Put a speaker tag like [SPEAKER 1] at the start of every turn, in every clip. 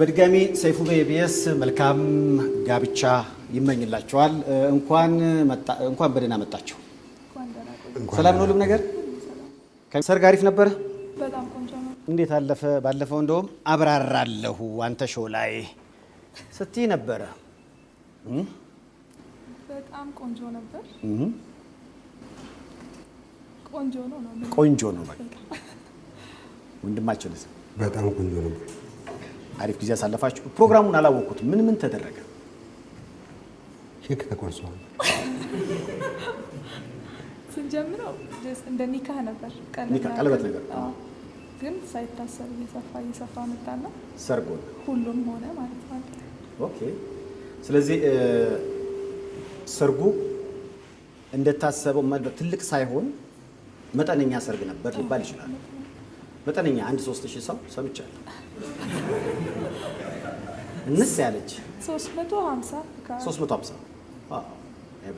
[SPEAKER 1] በድጋሚ ሰይፉ በኢቢኤስ መልካም ጋብቻ ይመኝላቸዋል። እንኳን በደህና መጣችሁ። ሰላም ነው ሁሉም ነገር? ሰርግ አሪፍ ነበረ? እንዴት አለፈ? ባለፈው እንደውም አብራራለሁ አንተ ሾው ላይ ስትይ ነበረ።
[SPEAKER 2] በጣም ቆንጆ ነበር።
[SPEAKER 1] ቆንጆ ነው። በቃ ወንድማቸው
[SPEAKER 3] በጣም ቆንጆ ነበር።
[SPEAKER 1] አሪፍ ጊዜ አሳለፋችሁ። ፕሮግራሙን አላወቅኩትም። ምን ምን ተደረገ?
[SPEAKER 3] ኬክ ተቆርሷል።
[SPEAKER 2] ስንጀምረው እንደ ኒካህ ነበር፣ ቀለበት ነገር ግን ሳይታሰብ እየሰፋ እየሰፋ ነው ሰርጎ ሁሉም ሆነ ማለት ነው።
[SPEAKER 1] ኦኬ። ስለዚህ ሰርጉ እንደታሰበው ትልቅ ሳይሆን መጠነኛ ሰርግ ነበር ሊባል ይችላል። መጠነኛ አንድ ሶስት ሺህ ሰው ሰምቻለሁ። እንስ ያለች
[SPEAKER 2] 350
[SPEAKER 1] 350።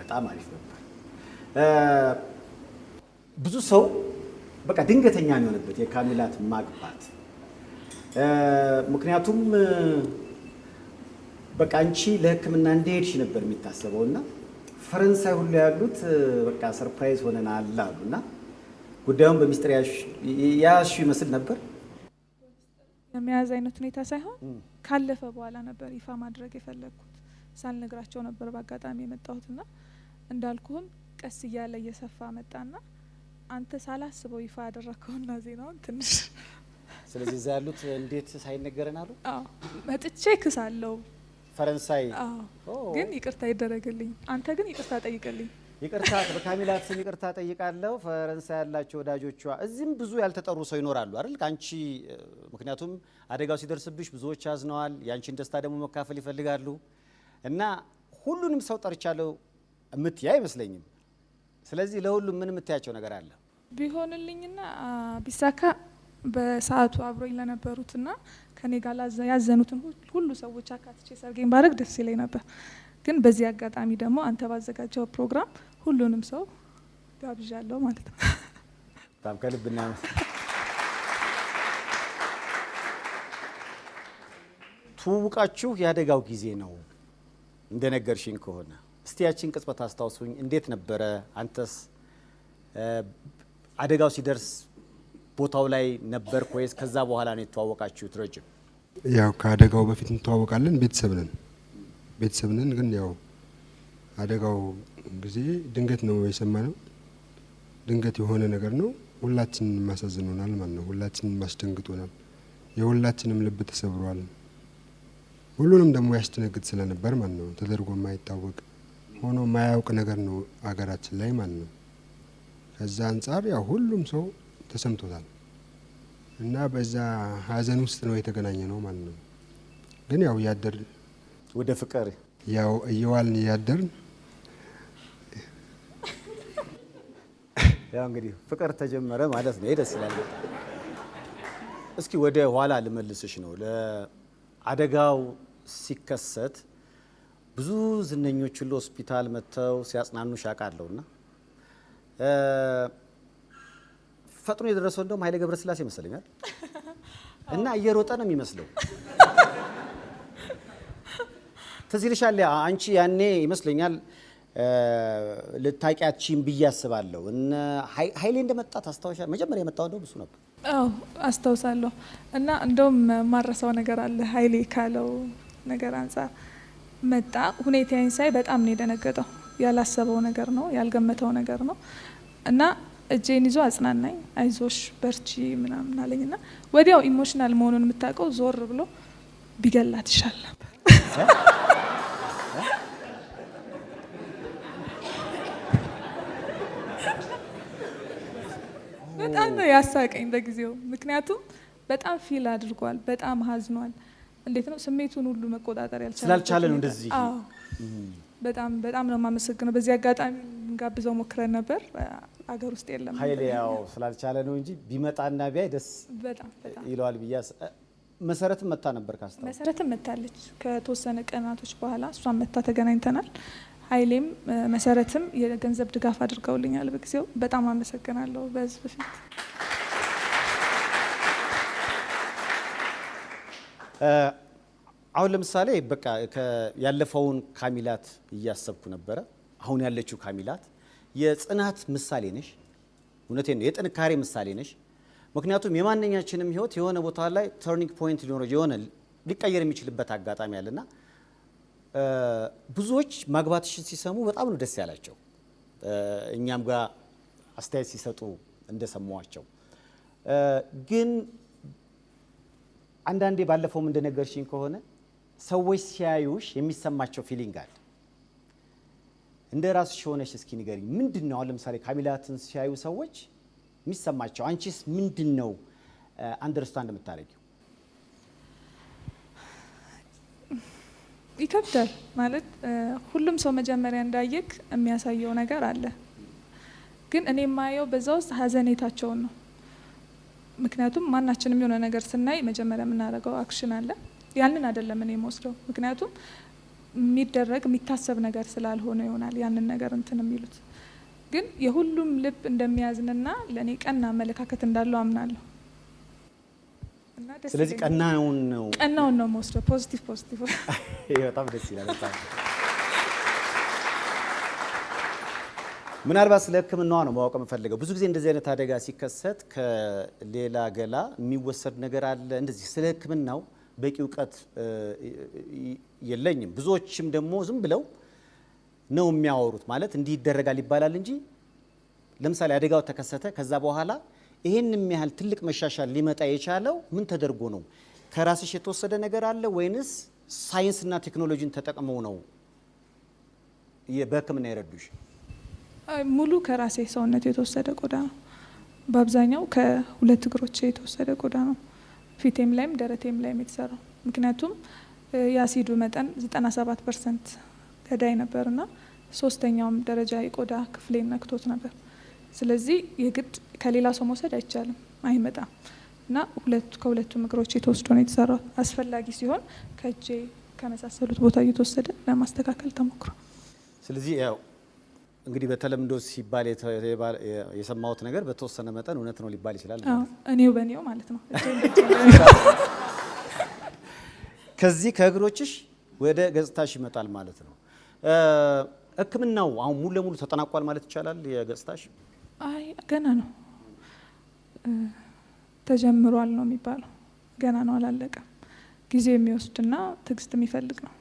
[SPEAKER 1] በጣም አሪፍ ነበር። ብዙ ሰው በቃ ድንገተኛ የሚሆንበት የሆነበት ማግባት። ምክንያቱም በቃ አንቺ ለሕክምና እንደሄድሽ ነበር የሚታሰበው እና ፈረንሳይ ሁሉ ያሉት በቃ ሰርፕራይዝ ሆነናል አላሉ እና ጉዳዩን በሚስጥር ያሹ ይመስል ነበር
[SPEAKER 2] የመያዝ አይነት ሁኔታ ሳይሆን ካለፈ በኋላ ነበር ይፋ ማድረግ የፈለግኩት። ሳልነግራቸው ነበር በአጋጣሚ ና እንዳልኩህም ቀስ እያለ እየሰፋ መጣና አንተ ሳላስበው ይፋ ያደረግከውና ዜናውን ትንሽ
[SPEAKER 1] ስለዚህ እዛ ያሉት እንዴት ሳይነገረን አሉ።
[SPEAKER 2] መጥቼ ክስ አለው ፈረንሳይ ግን ይቅርታ ይደረግልኝ። አንተ ግን ይቅርታ ጠይቅልኝ
[SPEAKER 1] ይቅርታ በካሚላት ስም ይቅርታ ጠይቃለሁ። ፈረንሳይ ያላቸው ወዳጆቿ እዚህም ብዙ ያልተጠሩ ሰው ይኖራሉ አይደል? ከአንቺ ምክንያቱም አደጋው ሲደርስብሽ ብዙዎች አዝነዋል። የአንቺን ደስታ ደግሞ መካፈል ይፈልጋሉ እና ሁሉንም ሰው ጠርቻለሁ የምትያ አይመስለኝም። ስለዚህ ለሁሉም ምን የምትያቸው ነገር አለ?
[SPEAKER 2] ቢሆንልኝና ቢሳካ በሰዓቱ አብሮኝ ለነበሩትና ከኔ ጋር ያዘኑትን ሁሉ ሰዎች አካትቼ ሰርጌን ባረግ ደስ ይለኝ ነበር። ግን በዚህ አጋጣሚ ደግሞ አንተ ባዘጋጀው ፕሮግራም ሁሉንም ሰው ጋብዣለሁ ማለት ነው።
[SPEAKER 1] በጣም ከልብ እናመስ ትውውቃችሁ የአደጋው ጊዜ ነው እንደነገርሽኝ ከሆነ እስቲ ያችን ቅጽበት አስታውሱኝ። እንዴት ነበረ? አንተስ አደጋው ሲደርስ ቦታው ላይ ነበር ወይስ ከዛ በኋላ ነው የተዋወቃችሁት? ረጅም
[SPEAKER 3] ያው ከአደጋው በፊት እንተዋወቃለን። ቤተሰብ ነን ቤተሰብ ነን ግን ያው አደጋው ጊዜ ድንገት ነው የሰማነው። ድንገት የሆነ ነገር ነው። ሁላችንን ማሳዝኖናል ማለት ነው። ሁላችንን ማስደንግጦናል። የሁላችንም ልብ ተሰብሯል። ሁሉንም ደግሞ ያስደነግጥ ስለነበር ማለት ነው። ተደርጎ የማይታወቅ ሆኖ የማያውቅ ነገር ነው አገራችን ላይ ማለት ነው። ከዛ አንጻር ያው ሁሉም ሰው ተሰምቶታል እና በዛ ሀዘን ውስጥ ነው የተገናኘ ነው ማለት ነው። ግን ያው እያደር ወደ ፍቅር ያው እየዋልን እያደርን
[SPEAKER 1] ያው እንግዲህ ፍቅር ተጀመረ ማለት ነው። ደስ ይላል። እስኪ ወደ ኋላ ልመልስሽ ነው። ለአደጋው ሲከሰት ብዙ ዝነኞች ሁሉ ሆስፒታል መጥተው ሻቃለሁ አውቃለሁና ፈጥኖ የደረሰው እንደውም ኃይሌ ገብረስላሴ ይመስለኛል እና እየሮጠ ነው የሚመስለው። ትዝ ይልሻል አንቺ ያኔ ይመስለኛል ልታቂያችን ብዬ አስባለሁ። እነ ኃይሌ እንደመጣ ታስታውሻለህ? መጀመሪያ የመጣው እንደው እሱ ነበር።
[SPEAKER 2] አዎ አስታውሳለሁ። እና እንደውም ማረሰው ነገር አለ ኃይሌ ካለው ነገር አንጻር መጣ። ሁኔታዬን ሳይ በጣም ነው የደነገጠው። ያላሰበው ነገር ነው፣ ያልገመተው ነገር ነው እና እጄን ይዞ አጽናናኝ። አይዞሽ በርቺ ምናምን አለኝ እና ወዲያው ኢሞሽናል መሆኑን የምታውቀው ዞር ብሎ ቢገላት ይሻል ነበር በጣም ነው ያሳቀኝ በጊዜው። ምክንያቱም በጣም ፊል አድርጓል፣ በጣም ሀዝኗል። እንዴት ነው ስሜቱን ሁሉ መቆጣጠር
[SPEAKER 1] ያልቻለ ነው እንደዚህ።
[SPEAKER 2] በጣም በጣም ነው የማመሰግነው። በዚህ አጋጣሚ ጋብዘው ሞክረን ነበር፣ አገር ውስጥ
[SPEAKER 1] የለም ሀይል ያው ስላልቻለ ነው እንጂ ቢመጣና ቢያይ ደስ ይለዋል ብያ መሰረትም መታ ነበር ካስታ
[SPEAKER 2] መሰረትም መታለች። ከተወሰነ ቀናቶች በኋላ እሷን መታ ተገናኝተናል። ኃይሌም መሰረትም የገንዘብ ድጋፍ አድርገውልኛል በጊዜው። በጣም አመሰግናለሁ በህዝብ ፊት።
[SPEAKER 1] አሁን ለምሳሌ በቃ ያለፈውን ካሚላት እያሰብኩ ነበረ። አሁን ያለችው ካሚላት የጽናት ምሳሌ ነሽ። እውነቴ ነው፣ የጥንካሬ ምሳሌ ነሽ። ምክንያቱም የማንኛችንም ህይወት የሆነ ቦታ ላይ ተርኒንግ ፖይንት ሊኖረ የሆነ ሊቀየር የሚችልበት አጋጣሚ አለና ብዙዎች ማግባትሽን ሲሰሙ በጣም ነው ደስ ያላቸው። እኛም ጋር አስተያየት ሲሰጡ እንደሰማዋቸው ግን አንዳንዴ ባለፈውም እንደነገርሽኝ ከሆነ ሰዎች ሲያዩሽ የሚሰማቸው ፊሊንግ አለ። እንደ ራስሽ የሆነሽ እስኪ ንገሪኝ፣ ምንድን ነው አሁን ለምሳሌ ካሚላትን ሲያዩ ሰዎች የሚሰማቸው አንቺስ ምንድን ነው አንደርስታንድ የምታደርጊው?
[SPEAKER 2] ይከብዳል ማለት ሁሉም ሰው መጀመሪያ እንዳየክ የሚያሳየው ነገር አለ። ግን እኔ የማየው በዛ ውስጥ ሀዘኔታቸውን ነው። ምክንያቱም ማናችንም የሆነ ነገር ስናይ መጀመሪያ የምናደርገው አክሽን አለ። ያንን አይደለም እኔ መወስደው ምክንያቱም የሚደረግ የሚታሰብ ነገር ስላልሆነ ይሆናል ያንን ነገር እንትን የሚሉት። ግን የሁሉም ልብ እንደሚያዝንና ለእኔ ቀና አመለካከት እንዳለው አምናለሁ።
[SPEAKER 1] ስለዚህ ቀናውን ነው
[SPEAKER 2] ቀናውን ነው የምወስደው። ፖዚቲቭ ፖዚቲቭ።
[SPEAKER 1] ይሄ በጣም ደስ ይላል። በጣም ምናልባት ስለ ሕክምናዋ ነው ማወቅ የምፈልገው። ብዙ ጊዜ እንደዚህ አይነት አደጋ ሲከሰት ከሌላ ገላ የሚወሰድ ነገር አለ። እንደዚህ ስለ ሕክምናው በቂ እውቀት የለኝም። ብዙዎችም ደግሞ ዝም ብለው ነው የሚያወሩት። ማለት እንዲህ ይደረጋል ይባላል እንጂ ለምሳሌ አደጋው ተከሰተ ከዛ በኋላ ይህን ያህል ትልቅ መሻሻል ሊመጣ የቻለው ምን ተደርጎ ነው? ከራስሽ የተወሰደ ነገር አለ ወይንስ ሳይንስና ቴክኖሎጂን ተጠቅመው ነው በህክምና የረዱሽ?
[SPEAKER 2] ሙሉ ከራሴ ሰውነት የተወሰደ ቆዳ ነው። በአብዛኛው ከሁለት እግሮች የተወሰደ ቆዳ ነው። ፊቴም ላይም ደረቴም ላይም የተሰራው ምክንያቱም የአሲዱ መጠን 97 ፐርሰንት ገዳይ ነበርና ሶስተኛውም ደረጃ የቆዳ ክፍሌ ነክቶት ነበር። ስለዚህ የግድ ከሌላ ሰው መውሰድ አይቻልም፣ አይመጣም እና ከሁለቱም እግሮች የተወስዶ ነው የተሰራው። አስፈላጊ ሲሆን ከእጄ ከመሳሰሉት ቦታ እየተወሰደ ለማስተካከል ተሞክሮ
[SPEAKER 1] ስለዚህ ያው እንግዲህ በተለምዶ ሲባል የሰማሁት ነገር በተወሰነ መጠን እውነት ነው ሊባል ይችላል።
[SPEAKER 2] እኔው በእኔው ማለት ነው።
[SPEAKER 1] ከዚህ ከእግሮችሽ ወደ ገጽታሽ ይመጣል ማለት ነው። ሕክምናው አሁን ሙሉ ለሙሉ ተጠናቋል ማለት ይቻላል። የገጽታሽ
[SPEAKER 2] አይ ገና ነው። ተጀምሯል ነው የሚባለው። ገና ነው አላለቀም። ጊዜ የሚወስድና ትግስት የሚፈልግ ነው።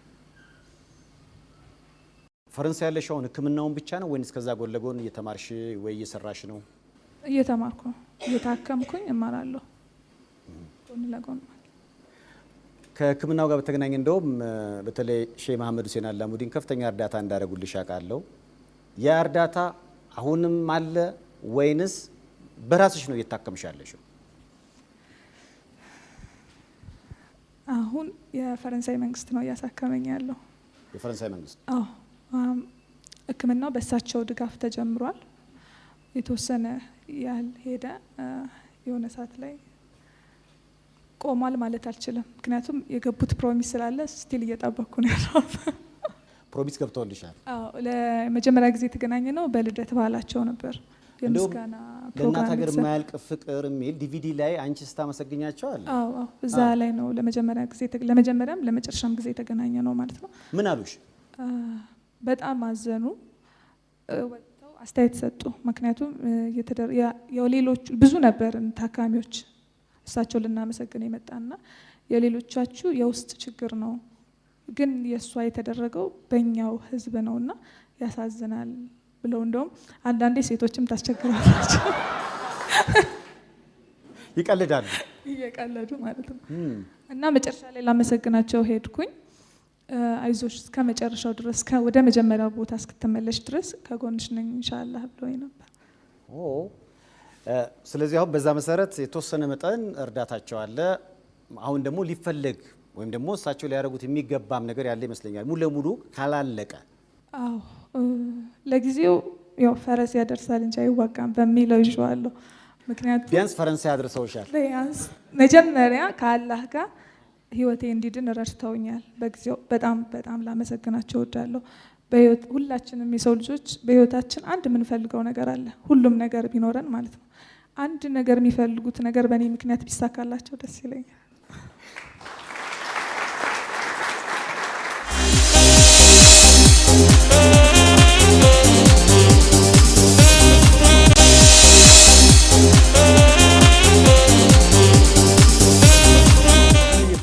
[SPEAKER 1] ፈረንሳይ ያለሽ አሁን ህክምናውን ብቻ ነው ወይንስ ከዛ ጎን ለጎን እየተማርሽ ወይ እየሰራሽ ነው?
[SPEAKER 2] እየተማርኩ ነው፣ እየታከምኩኝ እማራለሁ ጎን
[SPEAKER 1] ለጎን ከህክምናው ጋር በተገናኘ እንደውም በተለይ ሼህ መሐመድ ሁሴን አላሙዲን ከፍተኛ እርዳታ እንዳደረጉልሽ አውቃለሁ። ያ እርዳታ አሁንም አለ ወይንስ በራስሽ ነው እየታከምሽ ያለሽው።
[SPEAKER 2] አሁን የፈረንሳይ መንግስት ነው እያሳከመኝ ያለው።
[SPEAKER 1] የፈረንሳይ መንግስት?
[SPEAKER 2] ሕክምናው በእሳቸው ድጋፍ ተጀምሯል። የተወሰነ ያህል ሄደ። የሆነ ሰዓት ላይ ቆሟል ማለት አልችልም፣ ምክንያቱም የገቡት ፕሮሚስ ስላለ ስቲል እየጠበቅኩ ነው ያለው።
[SPEAKER 1] ፕሮሚስ ገብተውልሻል?
[SPEAKER 2] ለመጀመሪያ ጊዜ የተገናኘ ነው በልደት ባህላቸው ነበር የምስጋና
[SPEAKER 1] ለእናት ሀገር የማያልቅ ፍቅር የሚል ዲቪዲ ላይ አንቺ ስታመሰግኛቸው
[SPEAKER 2] እዛ ላይ ነው ለመጀመሪያ ጊዜ ለመጀመሪያም ለመጨረሻም ጊዜ የተገናኘ ነው ማለት ነው። ምን አሉሽ? በጣም አዘኑ፣ ወጥተው አስተያየት ሰጡ። ምክንያቱም የሌሎቹ ብዙ ነበርን ታካሚዎች እሳቸው ልናመሰግን የመጣና የሌሎቻችሁ የውስጥ ችግር ነው፣ ግን የእሷ የተደረገው በእኛው ህዝብ ነውና ያሳዝናል ብለው እንደውም አንዳንዴ ሴቶችም ታስቸግራላቸው ይቀልዳሉ እየቀለዱ ማለት ነው። እና መጨረሻ ላይ ላመሰግናቸው ሄድኩኝ። አይዞሽ እስከ መጨረሻው ድረስ ወደ መጀመሪያው ቦታ እስክትመለሽ ድረስ ከጎንሽ ነኝ እንሻላ ብለው ነበር።
[SPEAKER 1] ስለዚህ አሁን በዛ መሰረት የተወሰነ መጠን እርዳታቸው አለ። አሁን ደግሞ ሊፈለግ ወይም ደግሞ እሳቸው ሊያደርጉት የሚገባም ነገር ያለ ይመስለኛል ሙሉ ለሙሉ ካላለቀ አዎ
[SPEAKER 2] ለጊዜው ያው ፈረስ ያደርሳል እንጂ አይዋጋም በሚለው ይዤዋለሁ።
[SPEAKER 1] ምክንያቱም ቢያንስ ፈረንሳይ አድርሰውሻል።
[SPEAKER 2] ቢያንስ መጀመሪያ ከአላህ ጋር ህይወቴ እንዲድን ረድተውኛል። በጊዜው በጣም በጣም ላመሰግናቸው እወዳለሁ። ሁላችንም የሰው ልጆች በህይወታችን አንድ የምንፈልገው ነገር አለ፣ ሁሉም ነገር ቢኖረን ማለት ነው። አንድ ነገር የሚፈልጉት ነገር በእኔ ምክንያት ቢሳካላቸው ደስ ይለኛል።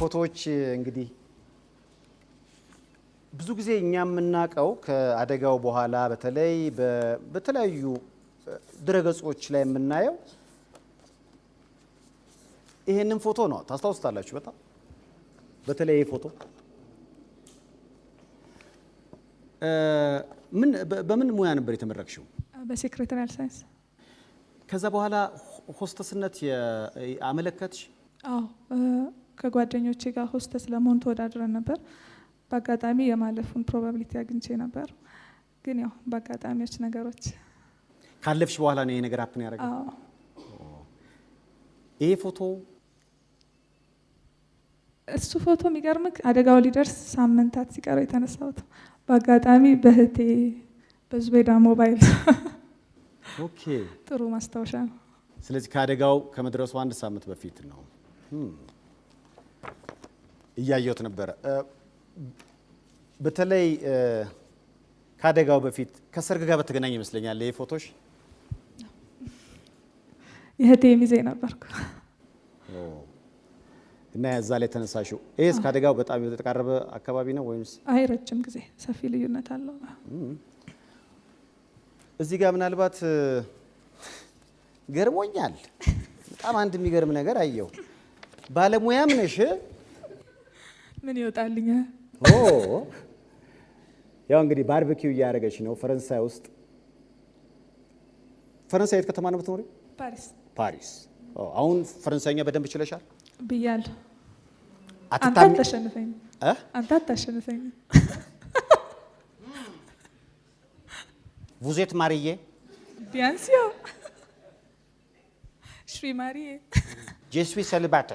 [SPEAKER 1] ፎቶዎች እንግዲህ ብዙ ጊዜ እኛ የምናውቀው ከአደጋው በኋላ በተለይ በተለያዩ ድረገጾች ላይ የምናየው ይሄንን ፎቶ ነው። ታስታውስታላችሁ በጣም በተለይ ይሄ ፎቶ ምን በምን ሙያ ነበር የተመረቅሽው?
[SPEAKER 2] በሴክሬታሪያል ሳይንስ።
[SPEAKER 1] ከዛ በኋላ ሆስተስነት አመለከትሽ?
[SPEAKER 2] አዎ ከጓደኞቼ ጋር ሆስተስ ለመሆን ተወዳድረን ነበር። በአጋጣሚ የማለፉን ፕሮባብሊቲ አግኝቼ ነበር፣ ግን ያው በአጋጣሚዎች ነገሮች
[SPEAKER 1] ካለፍሽ በኋላ ነው ይሄ ነገር አፕን ያደረገ። ይሄ ፎቶ
[SPEAKER 2] እሱ ፎቶ የሚገርምክ አደጋው ሊደርስ ሳምንታት ሲቀረው የተነሳሁት በአጋጣሚ በህቴ በዙቤዳ ሞባይል። ጥሩ ማስታወሻ ነው።
[SPEAKER 1] ስለዚህ ከአደጋው ከመድረሱ አንድ ሳምንት በፊት ነው። እያየሁት ነበረ። በተለይ ከአደጋው በፊት ከሰርግ ጋር በተገናኘ ይመስለኛል ይህ ፎቶሽ
[SPEAKER 2] የእህቴ ሚዜ ነበርኩ
[SPEAKER 1] እና እዛ ላይ ተነሳሽው። ይህስ ከአደጋው በጣም የተቃረበ አካባቢ ነው ወይምስ?
[SPEAKER 2] አይ ረጅም ጊዜ ሰፊ ልዩነት አለው።
[SPEAKER 1] እዚህ ጋር ምናልባት ገርሞኛል በጣም አንድ የሚገርም ነገር አየው። ባለሙያም ነሽ
[SPEAKER 2] ምን ይወጣልኛል?
[SPEAKER 1] ያው እንግዲህ ባርበኪው እያደረገች ነው ፈረንሳይ ውስጥ። ፈረንሳይ የት ከተማ ነው የምትኖሪው? ፓሪስ። ፓሪስ። አሁን ፈረንሳይኛ በደንብ ችለሻል
[SPEAKER 2] ብያለሁ። አንተ አታሸንፈኝ።
[SPEAKER 1] ቡዜት ማሪዬ
[SPEAKER 2] ቢያንስ ያው ሽ ማሪዬ
[SPEAKER 1] ጄስዊ ሰልባተ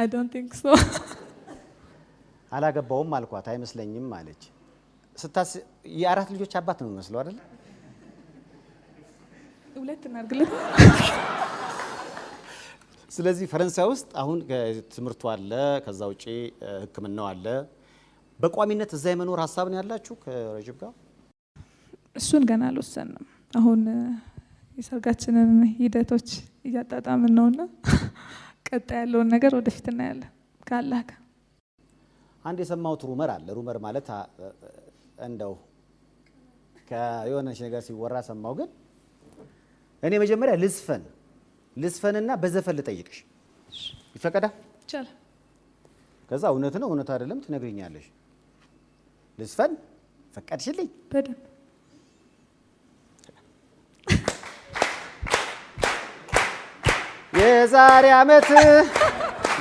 [SPEAKER 2] አይ ዶንት ቲንክ ሶ
[SPEAKER 1] አላገባውም አልኳት። አይመስለኝም አለች። ስታስ የአራት ልጆች አባት ነው የሚመስለው አይደል?
[SPEAKER 2] ሁለት እናድርግለት።
[SPEAKER 1] ስለዚህ ፈረንሳይ ውስጥ አሁን ትምህርቱ አለ፣ ከዛ ውጪ ሕክምናው አለ። በቋሚነት እዛ የመኖር ሀሳብ ነው ያላችሁ ከረጅብ ጋር?
[SPEAKER 2] እሱን ገና አልወሰንም። አሁን የሰርጋችንን ሂደቶች እያጣጣምን ነውና ቀጣ ያለውን ነገር ወደፊት እናያለን ካላህ ጋር።
[SPEAKER 1] አንድ የሰማሁት ሩመር አለ። ሩመር ማለት እንደው ከየሆነች ነገር ሲወራ ሰማው ግን እኔ መጀመሪያ ልስፈን ልስፈንና በዘፈን ልጠይቅሽ ይፈቀዳል? ይቻላል። ከዛ እውነት ነው እውነት አይደለም ትነግሪኛለሽ። ልስፈን ፈቀድሽልኝ?
[SPEAKER 2] በደንብ የዛሬ ዓመት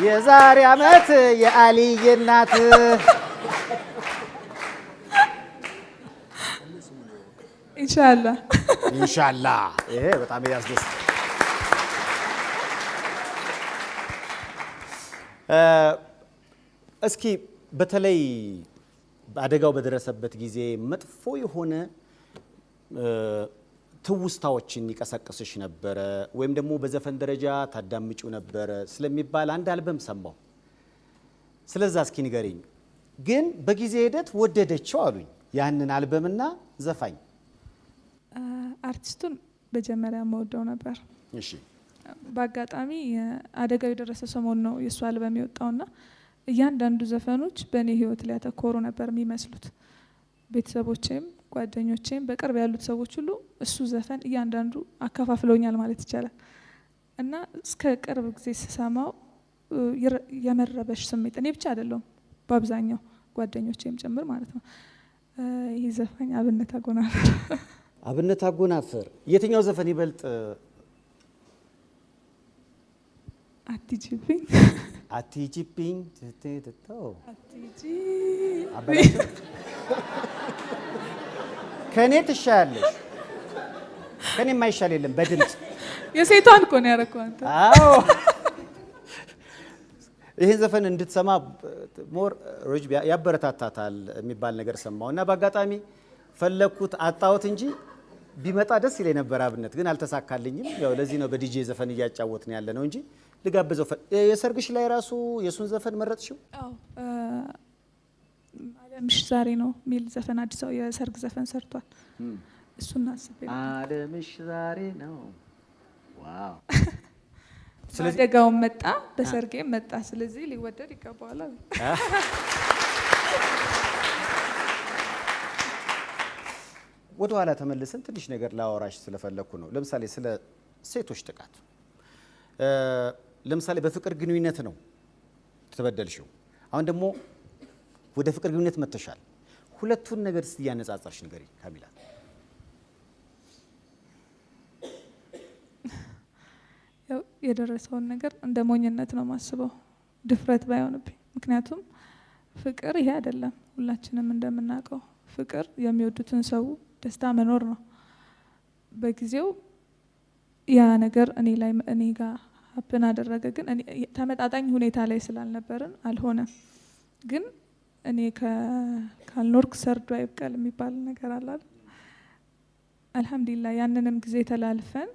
[SPEAKER 2] የዛሬ ዓመት የአልይ እናት ኢንሻላ
[SPEAKER 1] ኢንሻላ። ይሄ በጣም ያስደስ እስኪ በተለይ አደጋው በደረሰበት ጊዜ መጥፎ የሆነ ትውስታዎችን ይቀሰቅስሽ ነበረ ወይም ደግሞ በዘፈን ደረጃ ታዳምጩ ነበረ ስለሚባል አንድ አልበም ሰማው ስለዛ እስኪ ንገሪኝ። ግን በጊዜ ሂደት ወደደችው አሉኝ ያንን አልበምና ዘፋኝ
[SPEAKER 2] አርቲስቱን መጀመሪያ መወደው ነበር። እሺ በአጋጣሚ አደጋው የደረሰ ሰሞን ነው የእሱ አልበም የወጣውና እያንዳንዱ ዘፈኖች በእኔ ህይወት ላይ ያተኮሩ ነበር የሚመስሉት ቤተሰቦቼም ጓደኞቼም በቅርብ ያሉት ሰዎች ሁሉ እሱ ዘፈን እያንዳንዱ አካፋፍለውኛል ማለት ይቻላል እና እስከ ቅርብ ጊዜ ስሰማው የመረበሽ ስሜት እኔ ብቻ አይደለሁም፣ በአብዛኛው ጓደኞቼም ጭምር ማለት ነው። ይህ ዘፈኝ አብነት አጎናፍር
[SPEAKER 1] አብነት አጎናፍር። የትኛው ዘፈን ይበልጥ
[SPEAKER 2] አትጅብኝ
[SPEAKER 1] አትጅብኝ ትቴ ትተው ከእኔ ትሻያለሽ። ከእኔ የማይሻል የለም። በድምፅ
[SPEAKER 2] የሴቷን እኮ ነው አንተ። አዎ
[SPEAKER 1] ይህን ዘፈን እንድትሰማ ሞር ሮጅ ያበረታታታል የሚባል ነገር ሰማሁ እና በአጋጣሚ ፈለግኩት አጣሁት እንጂ ቢመጣ ደስ ይለኝ ነበር። አብነት ግን አልተሳካልኝም። ያው ለዚህ ነው በዲጄ ዘፈን እያጫወትን ያለ ነው እንጂ ልጋብዘው። የሰርግሽ ላይ ራሱ የእሱን ዘፈን መረጥሽው?
[SPEAKER 2] አለምሽ ዛሬ ነው የሚል ዘፈን አዲስ አበባ የሰርግ ዘፈን ሰርቷል። እሱና አስቤ
[SPEAKER 1] አለምሽ ዛሬ ነው ዋው
[SPEAKER 2] አደጋውን መጣ በሰርጌም መጣ። ስለዚህ ሊወደድ ይገባዋል።
[SPEAKER 1] ወደ ኋላ ተመልሰን ትንሽ ነገር ላወራሽ ስለፈለግኩ ነው። ለምሳሌ ስለ ሴቶች ጥቃት፣ ለምሳሌ በፍቅር ግንኙነት ነው ተበደልሽው። አሁን ደግሞ ወደ ፍቅር ግንኙነት መጥተሻል። ሁለቱን ነገር እስቲ እያነጻጸርሽ ንገሪኝ ካሚላ።
[SPEAKER 2] የደረሰውን ነገር እንደ ሞኝነት ነው ማስበው ድፍረት ባይሆንብኝ። ምክንያቱም ፍቅር ይሄ አይደለም። ሁላችንም እንደምናውቀው ፍቅር የሚወዱትን ሰው ደስታ መኖር ነው። በጊዜው ያ ነገር እኔ ላይ እኔ ጋር ሀፕን አደረገ፣ ግን ተመጣጣኝ ሁኔታ ላይ ስላልነበርን አልሆነም ግን እኔ ካልኖርክ ሰርዶ አይብቀል የሚባል ነገር አላል አልሐምዱሊላ ያንንም ጊዜ ተላልፈን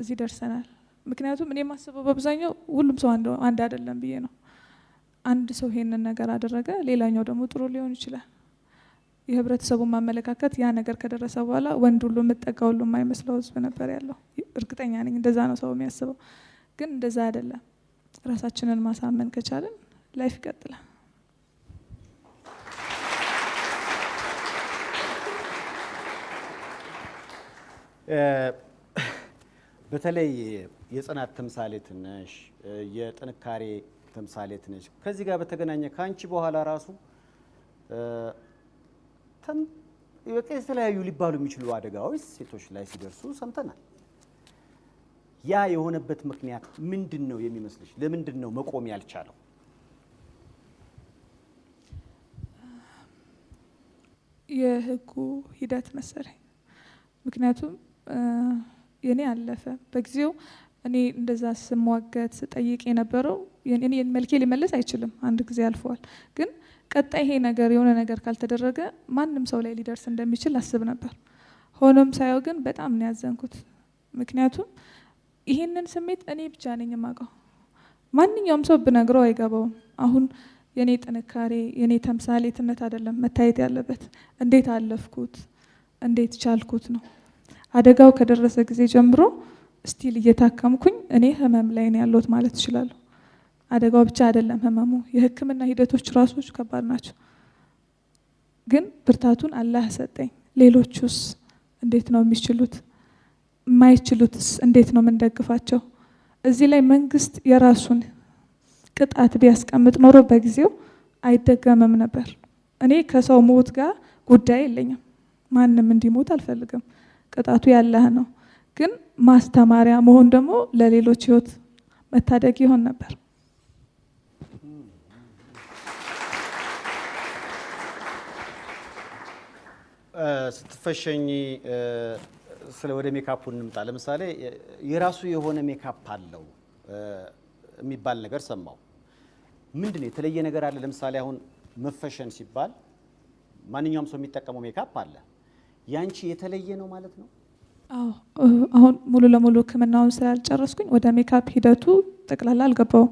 [SPEAKER 2] እዚህ ደርሰናል። ምክንያቱም እኔ የማስበው በአብዛኛው ሁሉም ሰው አንድ አይደለም ብዬ ነው። አንድ ሰው ይሄንን ነገር አደረገ፣ ሌላኛው ደግሞ ጥሩ ሊሆን ይችላል። የህብረተሰቡን ማመለካከት ያ ነገር ከደረሰ በኋላ ወንድ ሁሉ የምጠጋ ሁሉ የማይመስለው ህዝብ ነበር ያለው። እርግጠኛ ነኝ እንደዛ ነው ሰው የሚያስበው፣ ግን እንደዛ አይደለም። ራሳችንን ማሳመን ከቻልን ላይፍ ይቀጥላል።
[SPEAKER 1] በተለይ የጽናት ተምሳሌት ነሽ፣ የጥንካሬ ተምሳሌት ነሽ። ከዚህ ጋር በተገናኘ ከአንቺ በኋላ ራሱ የተለያዩ ሊባሉ የሚችሉ አደጋዎች ሴቶች ላይ ሲደርሱ ሰምተናል። ያ የሆነበት ምክንያት ምንድን ነው የሚመስልሽ? ለምንድን ነው መቆም ያልቻለው?
[SPEAKER 2] የህጉ ሂደት መሰለኝ ምክንያቱም የኔ አለፈ። በጊዜው እኔ እንደዛ ስሟገት ስጠይቅ የነበረው እኔ መልኬ ሊመለስ አይችልም። አንድ ጊዜ አልፈዋል። ግን ቀጣይ ይሄ ነገር የሆነ ነገር ካልተደረገ ማንም ሰው ላይ ሊደርስ እንደሚችል አስብ ነበር። ሆኖም ሳየው ግን በጣም ነው ያዘንኩት። ምክንያቱም ይህንን ስሜት እኔ ብቻ ነኝ የማውቀው። ማንኛውም ሰው ብነግረው አይገባውም። አሁን የኔ ጥንካሬ የኔ ተምሳሌትነት አይደለም መታየት ያለበት፣ እንዴት አለፍኩት እንዴት ቻልኩት ነው። አደጋው ከደረሰ ጊዜ ጀምሮ ስቲል እየታከምኩኝ እኔ ህመም ላይ ነው ያለሁት ማለት እችላለሁ። አደጋው ብቻ አይደለም ህመሙ፣ የህክምና ሂደቶች ራሶች ከባድ ናቸው። ግን ብርታቱን አላህ ሰጠኝ። ሌሎቹስ እንዴት ነው የሚችሉት? የማይችሉትስ እንዴት ነው የምንደግፋቸው? እዚህ ላይ መንግስት የራሱን ቅጣት ቢያስቀምጥ ኖሮ በጊዜው አይደገምም ነበር። እኔ ከሰው ሞት ጋር ጉዳይ የለኝም። ማንም እንዲሞት አልፈልግም። ቅጣቱ ያለህ ነው። ግን ማስተማሪያ መሆን ደግሞ ለሌሎች ህይወት መታደግ ይሆን ነበር።
[SPEAKER 1] ስትፈሸኝ ስለ ወደ ሜካፑ እንምጣ። ለምሳሌ የራሱ የሆነ ሜካፕ አለው የሚባል ነገር ሰማው። ምንድነው ነው የተለየ ነገር አለ? ለምሳሌ አሁን መፈሸን ሲባል ማንኛውም ሰው የሚጠቀመው ሜካፕ አለ ያንቺ የተለየ ነው ማለት ነው።
[SPEAKER 2] አሁን ሙሉ ለሙሉ ህክምናውን ስላልጨረስኩኝ ወደ ሜካፕ ሂደቱ ጠቅላላ አልገባውም፣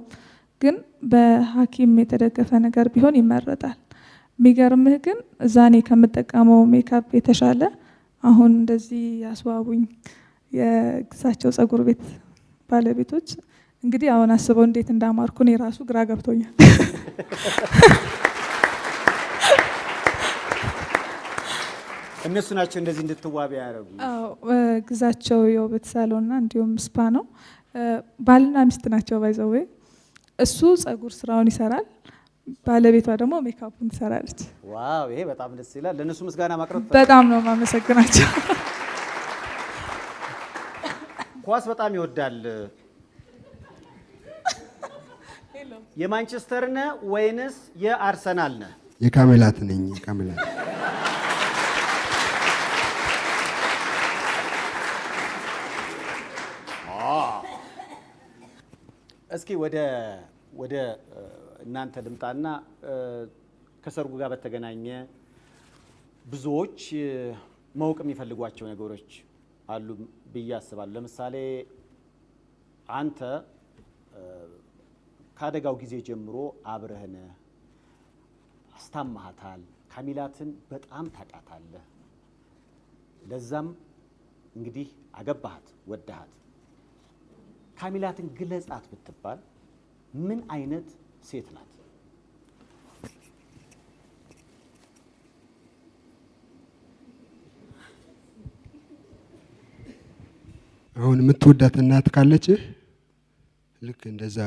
[SPEAKER 2] ግን በሐኪም የተደገፈ ነገር ቢሆን ይመረጣል። የሚገርምህ ግን እዛ ከምጠቀመው ሜካፕ የተሻለ አሁን እንደዚህ ያስዋቡኝ የግዛቸው ጸጉር ቤት ባለቤቶች እንግዲህ አሁን አስበው እንዴት እንዳማርኩን የራሱ ግራ ገብቶኛል።
[SPEAKER 1] እነሱ ናቸው እንደዚህ እንድትዋቢ ያደረጉ።
[SPEAKER 2] ግዛቸው የውበት ሳሎንና እንዲሁም ስፓ ነው። ባልና ሚስት ናቸው። ባይዘዌ እሱ ጸጉር ስራውን ይሰራል፣ ባለቤቷ ደግሞ ሜካፑን ትሰራለች።
[SPEAKER 1] ዋው! ይሄ በጣም ደስ ይላል። ለእነሱ ምስጋና ማቅረብ
[SPEAKER 2] በጣም ነው ማመሰግናቸው።
[SPEAKER 1] ኳስ በጣም ይወዳል። የማንቸስተር ነ ወይንስ የአርሰናል ነ።
[SPEAKER 3] የካሜላት ነኝ። የካሜላት
[SPEAKER 1] እስኪ ወደ ወደ እናንተ ልምጣና ከሰርጉ ጋር በተገናኘ ብዙዎች ማወቅ የሚፈልጓቸው ነገሮች አሉ ብዬ አስባለሁ። ለምሳሌ አንተ ከአደጋው ጊዜ ጀምሮ አብረህነ አስታማሃታል። ካሚላትን በጣም ታውቃታለህ። ለዛም እንግዲህ አገባሃት፣ ወዳሃት ካሚላትን ግለጻት ብትባል ምን አይነት ሴት ናት?
[SPEAKER 3] አሁን የምትወዳት እናት ካለች ልክ እንደዛ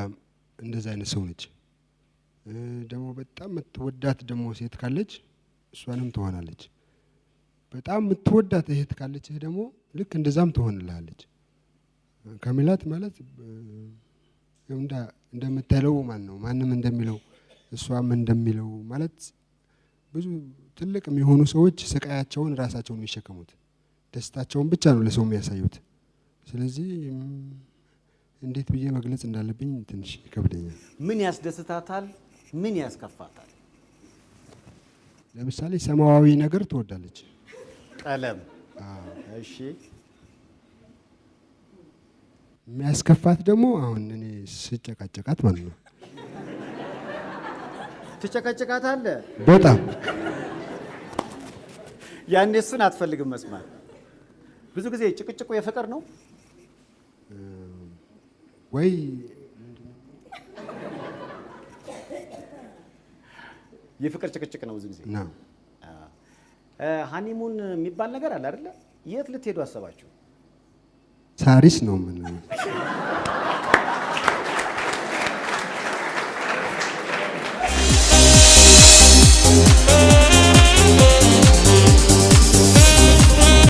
[SPEAKER 3] እንደዛ አይነት ሰው ነች። ደግሞ በጣም የምትወዳት ደግሞ ሴት ካለች እሷንም ትሆናለች። በጣም የምትወዳት እህት ካለችህ ደግሞ ልክ እንደዛም ትሆንልሃለች። ከሚላት ማለት እንደምትለው ማን ነው ማንም እንደሚለው እሷም እንደሚለው ማለት ብዙ ትልቅ የሚሆኑ ሰዎች ስቃያቸውን ራሳቸውን የሚሸከሙት ደስታቸውን ብቻ ነው ለሰው የሚያሳዩት። ስለዚህ እንዴት ብዬ መግለጽ እንዳለብኝ ትንሽ ይከብደኛል።
[SPEAKER 1] ምን ያስደስታታል? ምን ያስከፋታል?
[SPEAKER 3] ለምሳሌ ሰማያዊ ነገር ትወዳለች።
[SPEAKER 1] ቀለም። እሺ
[SPEAKER 3] የሚያስከፋት ደግሞ አሁን እኔ ስጨቃጨቃት ማለት ነው።
[SPEAKER 1] ትጨቀጭቃት አለ በጣም ያኔ እሱን አትፈልግም መስማት። ብዙ ጊዜ ጭቅጭቁ የፍቅር ነው ወይ? የፍቅር ጭቅጭቅ ነው ብዙ ጊዜ። ሀኒሙን የሚባል ነገር አለ አይደለ? የት ልትሄዱ አሰባችሁ?
[SPEAKER 3] ሳሪስ ነው ምን